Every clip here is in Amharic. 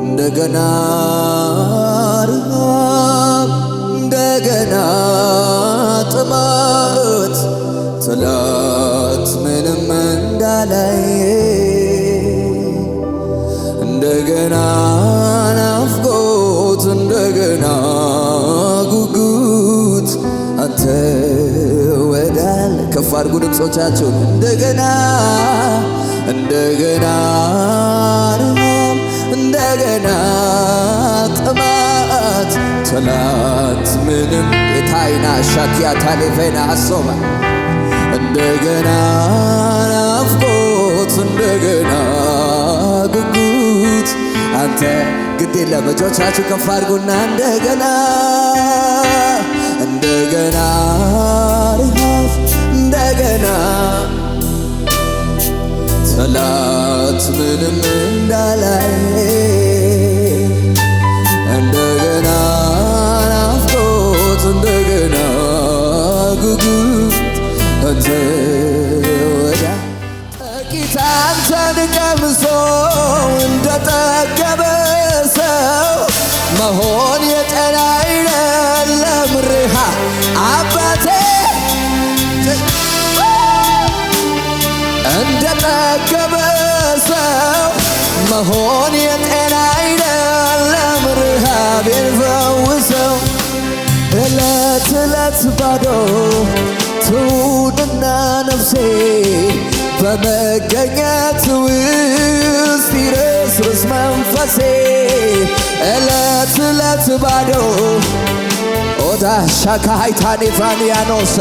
እንደገና ረሃብ እንደገና ጥማት ትላት ምንም እንዳላይ እንደገና ናፍቆት እንደገና ጉጉት አንተ ወዳል ከፍ አድርጉ ድምፆቻችሁን እንደገና እንደገና ረሃብ እንደገና ጥማት ትላት ምንም የታይና ሻኪያ ታሌቬና አሶባ እንደገና ናፍቆት እንደገና ጉጉት አንተ ግድ የለም እጆቻችሁ ከፍ አድርጉና እንደገና እንደገና ረሃብ እንደገና ጠላት ምንም እንዳላይ እንደገና ናፍቆት እንደገና ጉጉት ጥቂት አንተን ቀምሶ ልቡንና ነፍሴ በመገኘት ውስጥ ይረስርስ መንፈሴ እለት እለት ባዶ ኦዳ ሻካሃይታኔ ፍራንያኖሳ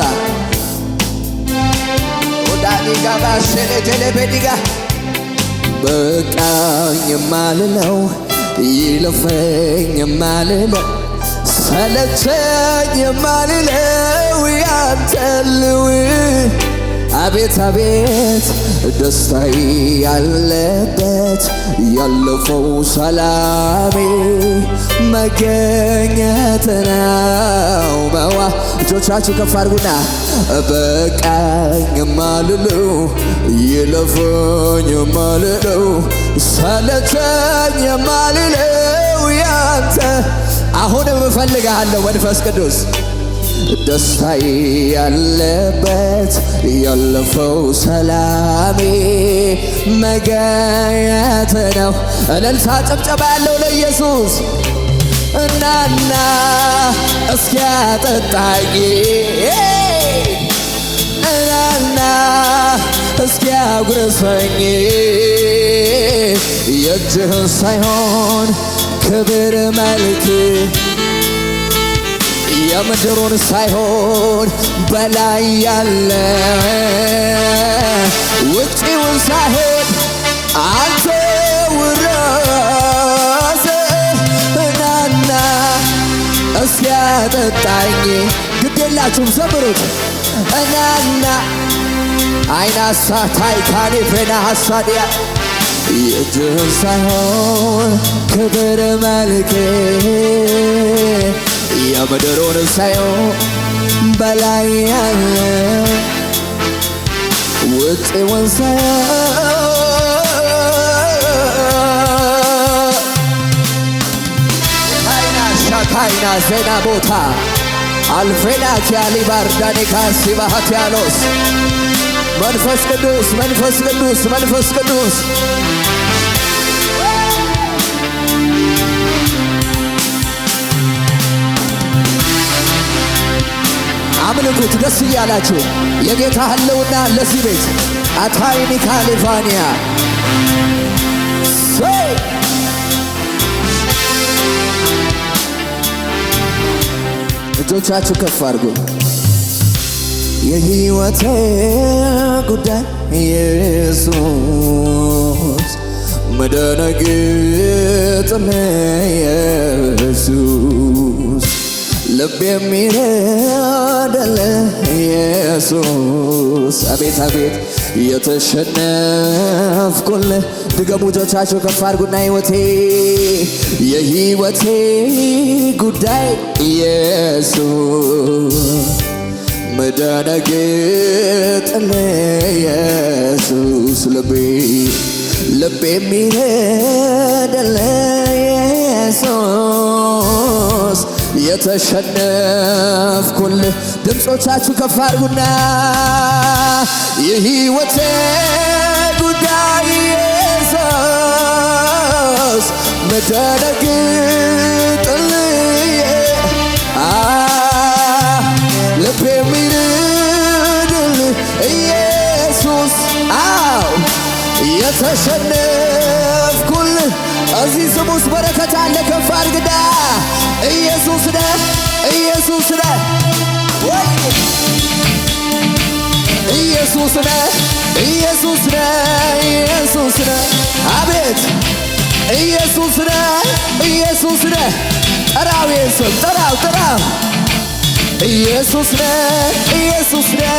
ኦዳኒጋ ባሸሌቴሌቤዲጋ በቃኝ የማልለው ይለፈኝ የማልለው ሰለቸኝ የማልለው ያንተን ልውል አቤት አቤት ደስታዬ ያለበት ያለፈው ሰላሜ መገኘት ነው። መዋ እጆቻችሁ ከፍ አድርጉና በቃኝ የማልለው ይለፈኝ የማልለው ሰለቸኝ የማልለው ያንተ አሁንም እፈልግሃለሁ መንፈስ ቅዱስ ደስታ ያለበት ያለፈው ሰላሜ መገኘት ነው። እልልታ ጭብጨባ ያለው ለኢየሱስ እናና እስኪያጠጣኝ እናና እስኪያጉርሰኝ የእጅህን ሳይሆን ክብር መልክ የምድሩን ሳይሆን በላይ ያለ ውጪውን ሳይሆን አንተ ውራስ እናና እስያጠጣኝ ግድ ዘምሩት እናና አይናሳ ታይታኔ ፌና ሀሳዲያ የእጅህ ሳይሆን ክብር መልክ የምድሩን ሳይሆን በላይ ያለ ውጤውን ሳይሆን ታይና ዜና ቦታ አልፌናኪያ ሊባርዳኒካሲ ባህትያኖስ መንፈስ ቅዱስ መንፈስ ቅዱስ መንፈስ ቅዱስ አምልኩት ደስ እያላችሁ የጌታ ህልውና ለዚህ ቤት አታይኒ ካሊፋኒያ እጆቻችሁ ከፍ አድርጉ። የህይወቴ ጉዳይ ኢየሱስ መደነግጥነ ኢየሱስ ልብ የሚረዳለ ኢየሱስ አቤት አቤት የተሸነፍኩል ድገሙቶቻቸው ከፍ አድርጉና ህይወቴ የህይወቴ ጉዳይ ኢየሱስ مدانكيت لي يسوس لبي لبي ميلاد لي يسوس يتشنف كل دم صوتاتو كفار قلنا يهي وتاكو داي يسوس مدانكيت ተሸነፍኩልህ። እዚህ ስም ውስጥ በረከት አለ። ከፍ አድርግና ኢየሱስ ነህ፣ ኢየሱስ ነህ፣ ኢየሱስ ነህ፣ ኢየሱስ ነህ፣ ኢየሱስ ነህ። አቤት ኢየሱስ ነህ፣ ኢየሱስ ነህ። ጥራው ስም ጥራው ጥራው ኢየሱስ ነህ፣ ኢየሱስ ነህ፣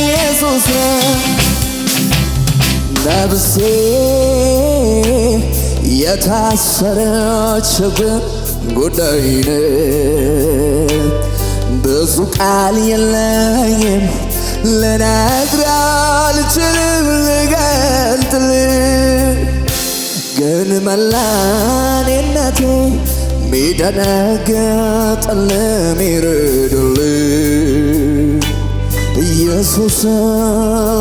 ኢየሱስ ነህ ነብሴ የታሰረች ችግር ጉዳይነ ብዙ ቃል የለኝም ልነግርህ አልችልም ልገልጥልህ ግን መላኔነቴ ሚደነግጥልህ ሚርድልህ ኢየሱስ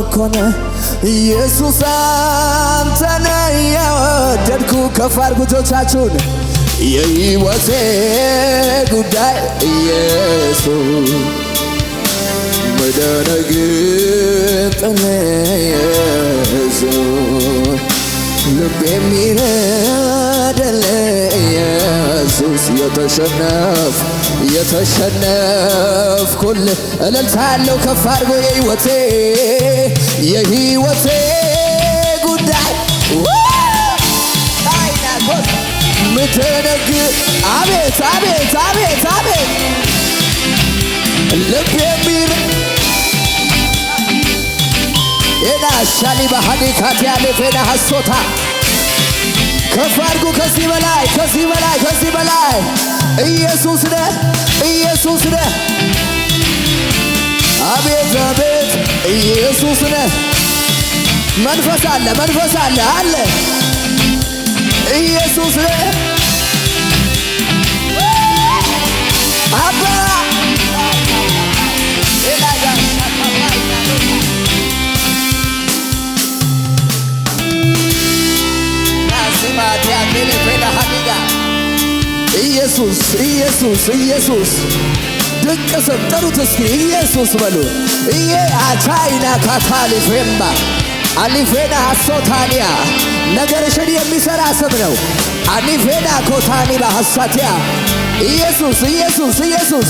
እኮ ኢየሱስ አንተነ የወደድኩ ከፍ አድርጉ እጆቻችሁን የሕይወቴ ጉዳይ ኢየሱስ መደነግጥን ኢየሱስ ልብ የሚረደል ኢየሱስ የተሸነፍ የተሸነፍኩልህ እልልታ ያለው ከፍ አድርጎ የሕይወቴ የህይወቴ ጉዳይ አይናኮስ ምትነግ አቤት አቤት አቤት አቤት ልብ የሚል ኤና ሻሊ ባህዲ ካቲያሌ ፌና ሀሶታ ከፍ አድርጉ። ከዚህ በላይ ከዚህ በላይ ከዚህ በላይ ኢየሱስ ነህ ኢየሱስ ነህ አቤት አቤት ኢየሱስ ነህ። መንፈስ አለ መንፈስ አለ አለ ኢየሱስ ነህ። አባ ኢየሱስ ኢየሱስ ኢየሱስ ድንቅ ስም ጥሩት እስኪ ኢየሱስ በሉ እዬ አቻይና ካታሊፌማ አሊፌና ሀሶታንያ ነገርሽን የሚሠራ ስም ነው። አሊፌና ኮታኒባ ሀሳቲያ ኢየሱስ ኢየሱስ ኢየሱስ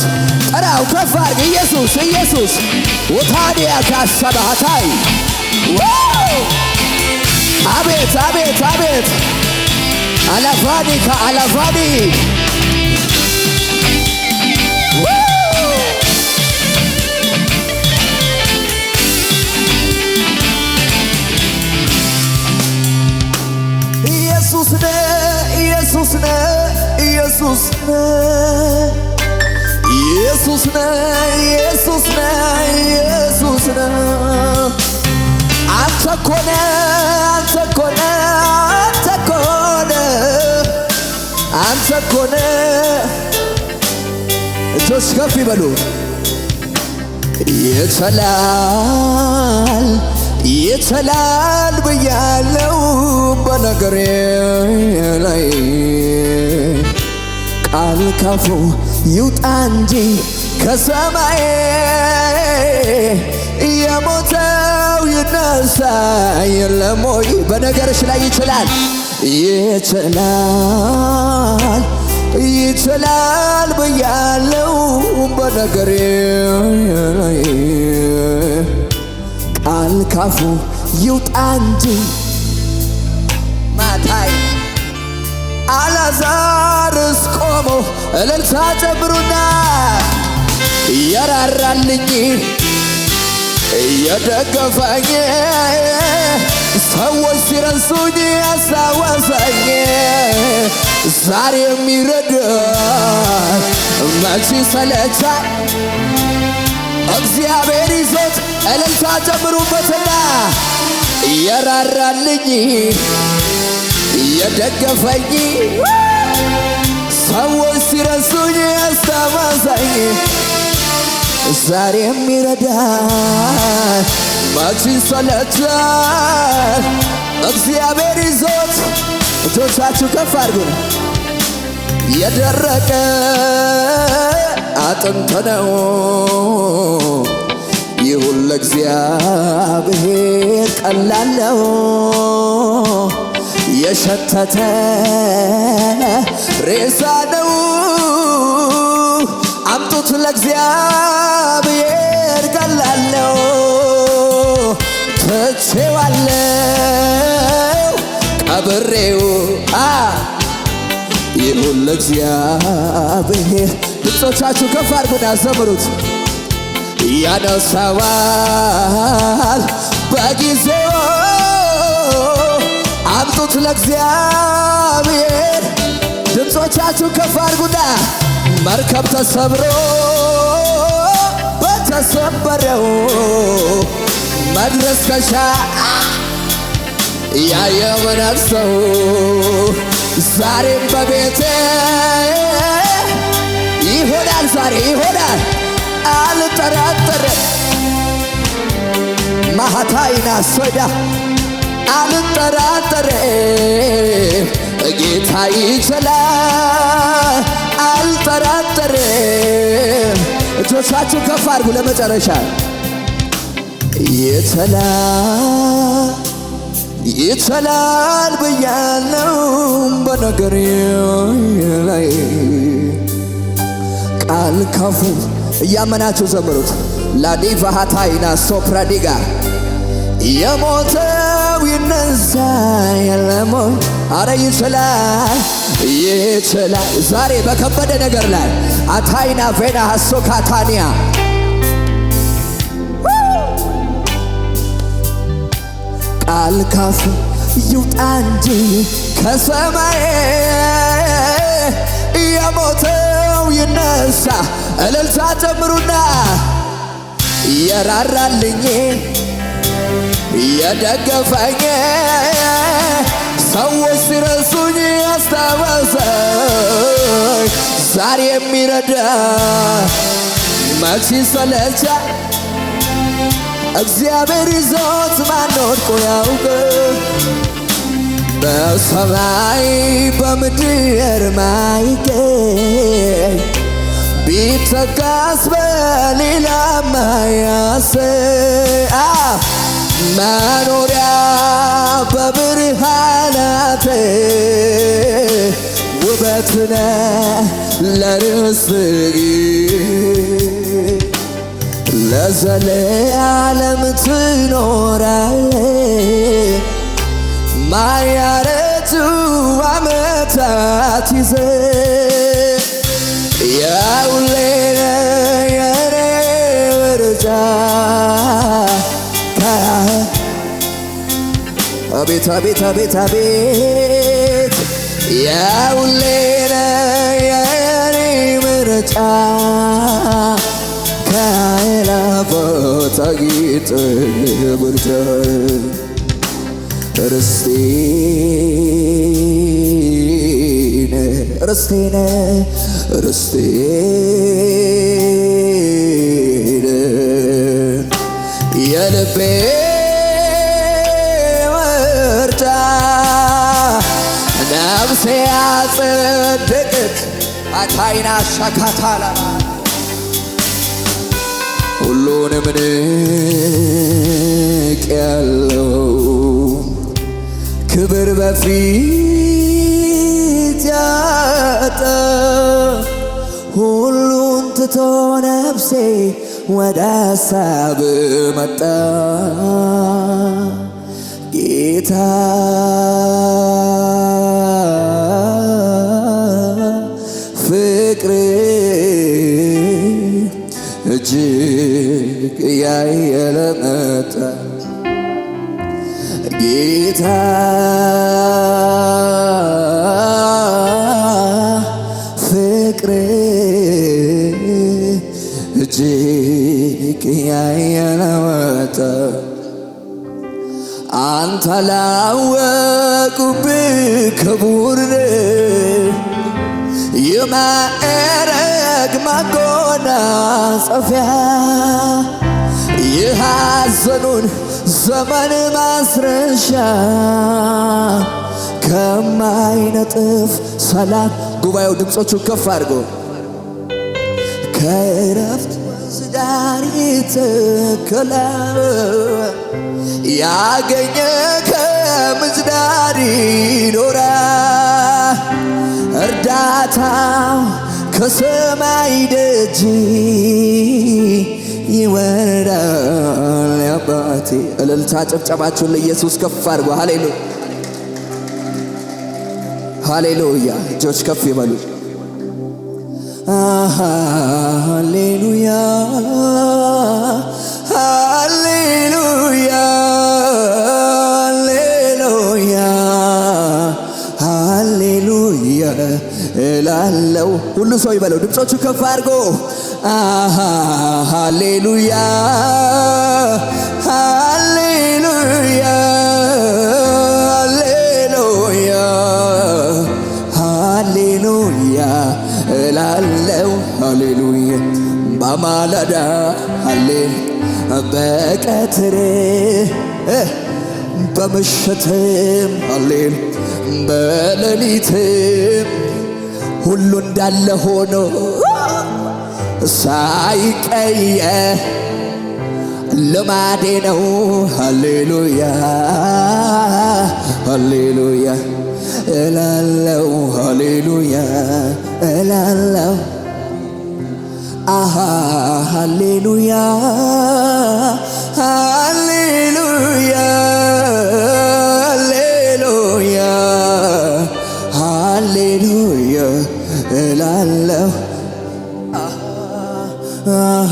ጠራው ከፍ አድርግ ኢየሱስ ኢየሱስ ውታንያ ካሰባሃታይ አቤት አቤት አቤት አላፋኒ ከአላፋኒ ኢየሱስ ነ ኢየሱስ ነ ኢየሱስ ነ ኢየሱስ ነ ኢየሱስ ነ ኢየሱስ ነ አንተ እኮ ነህ አንተ እኮ ነህ አንተ እኮ ነህ አንተ እኮ ነህ እጆች ከፍ ይበሉ ይተላል ይተላል ብያለው በነገሬ ላይ ቃል ካፉ ይውጣ እንጂ ከሰማዬ የሞተው ይነሳ የለም ወይ? በነገርሽ ላይ ይችላል ይችላል ይችላል ብያለው በነገሬ ካፉ ይውጣ እንጂ ማታይ አላዛርስ ቆሞ እልልታ ጨምሩና የራራልኝ የደገፈኝ ሰዎች ሲረሱኝ ያስታወሰኝ ዛሬ የሚረዳ መቼ ሰለቻ እግዚአብሔር እልልታ ጨምሩበትና የራራልኝ የደገፈኝ ሰዎች ሲረሱኝ አስተማሳኝ ዛሬ የሚረዳን መች ሰለቸን? እግዚአብሔር ይዞት እቶቻችሁ ከፍ አድርጉን። የደረቀ አጥንት ነው ይሁን ለእግዚአብሔር ቀላለው የሸተተ ሬሳ ነው። አምጡት ለእግዚአብሔር ቀላለው ትቼዋለው ቀብሬው ይሁን ለእግዚአብሔር ድምፆቻችሁ ከፍ አድርጉና ዘምሩት። ያነሰዋል በጊዜው አብጡት ለእግዚአብሔር ድምፆቻችሁ ከፍ አድርጉና መርከብ ተሰብሮ በተሰበረው መድረስ ከሻ ያየው ነፍሰው ዛሬም በቤቴ ይሆናል ዛሬ ይሆናል አልጠራጠርም። ማሃታይና ሶዳ አልጠራጠርም። ጌታ ይችላል አልጠራጠርም። እጆቻችሁ ከፍ አድርጉ ለመጨረሻ ይችላል ይችላል ብያለው በነገር ላይ ቃል ካፉ እያመናችሁ ዘምሩት። ላዲቫሃታይና ሶፕራዲጋ የሞተው ይነሳ የለሞን አረ ይችላል ይችላል። ዛሬ በከበደ ነገር ላይ አታይና ቬና ሀሶ ካታንያ ቃል ካፍ ይውጣ እንጂ ከሰማይ የሞተው ይነሳ እልልታ ጨምሩና የራራልኝ የደገፈኝ ሰዎች ሲረሱኝ ያስታወሰኝ ዛሬ የሚረዳ መች ሰለቻ እግዚአብሔር ይዞት ማንወድቆ ያውቅ በሰማይ በምድር ማይገ ቢተካስ በሌላ ማያሰ መኖሪያ በብርሃናት ውበትነ ለርስግ ለዘለዓለም ትኖራለ ማያረቱ ዓመታት ይዘ አቤት አቤት አቤት አቤት ያውሌ የኔ ምርጫ ከአእላፋት አጊጥ ምርጫ ርስቴነ ርስቴነ ርስቴ አጸደቅት አታይና ሻካታላ ሁሉንም ንቅ ያለው ክብር በፊት ያጠ ሁሉን ትቶ ነፍሴ ወደ ሀሳብ መጣ ጌታ መታጸፊያ የሐዘኑን ዘመን ማስረሻ ከማይነጥፍ ሰላም ጉባኤው ድምፆቹን ከፍ አድርጎ ከእረፍት ወንዝ ዳር ይተከላል ያገኘ ከምዝዳር ይኖራል እርዳታ ከሰማይ ደጅ ይወርዳል አባቴ። እልልታ ጨብጨባችሁን ለኢየሱስ ከፍ አድርጎ ሃሌሉ ሃሌሉያ። እጆች ከፍ ይበሉ። ሃሌሉያ ሃሌሉ አለው። ሁሉ ሰው ይበለው ድምፆቹ ከፍ አድርጎ ሃሌሉያ ሃሌሉያ ሃሌሉያ ሃሌሉያ እላለው ሃሌሉያ በማለዳ ሃሌ በቀትሬ በምሽትም ሃሌ በሌሊትም ሁሉ እንዳለ ሆኖ ሳይቀየር ልማዴ ነው። ሃሌሉያ ሃሌሉያ እላለው ሃሌሉያ እላለው ሃሌሉያ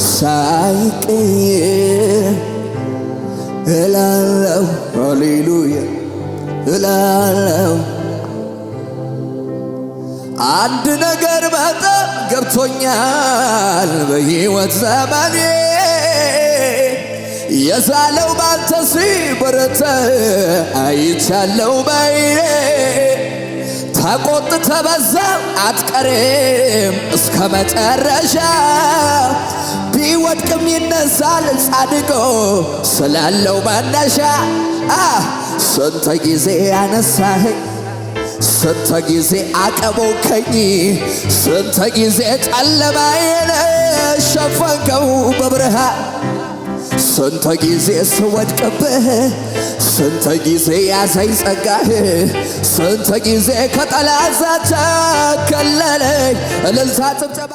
ሳይቀየር እላለው ሃሌሉያ እላለው። አንድ ነገር በጣም ገብቶኛል በሕይወት ዘመኔ የሳለው ባንተ ሲበረተ አይቻለው በይኔ ተቆጥተ በዛ አትቀሬም እስከ መጨረሻ ቢወድቅም ይነሳል ጻድቆ ስላለው መነሻ ስንት ጊዜ ያነሳኸኝ ስንት ጊዜ አቀበውከኝ፣ ስንት ጊዜ ጨለማዬን ሸፈንከው በብርሃ ስንት ጊዜ ስወድቅብህ ስንት ጊዜ ያዘኝ ጸጋህ ስንት ጊዜ ከጠላት ዛቻ ከለለኝ እልልታ ጭብጨባ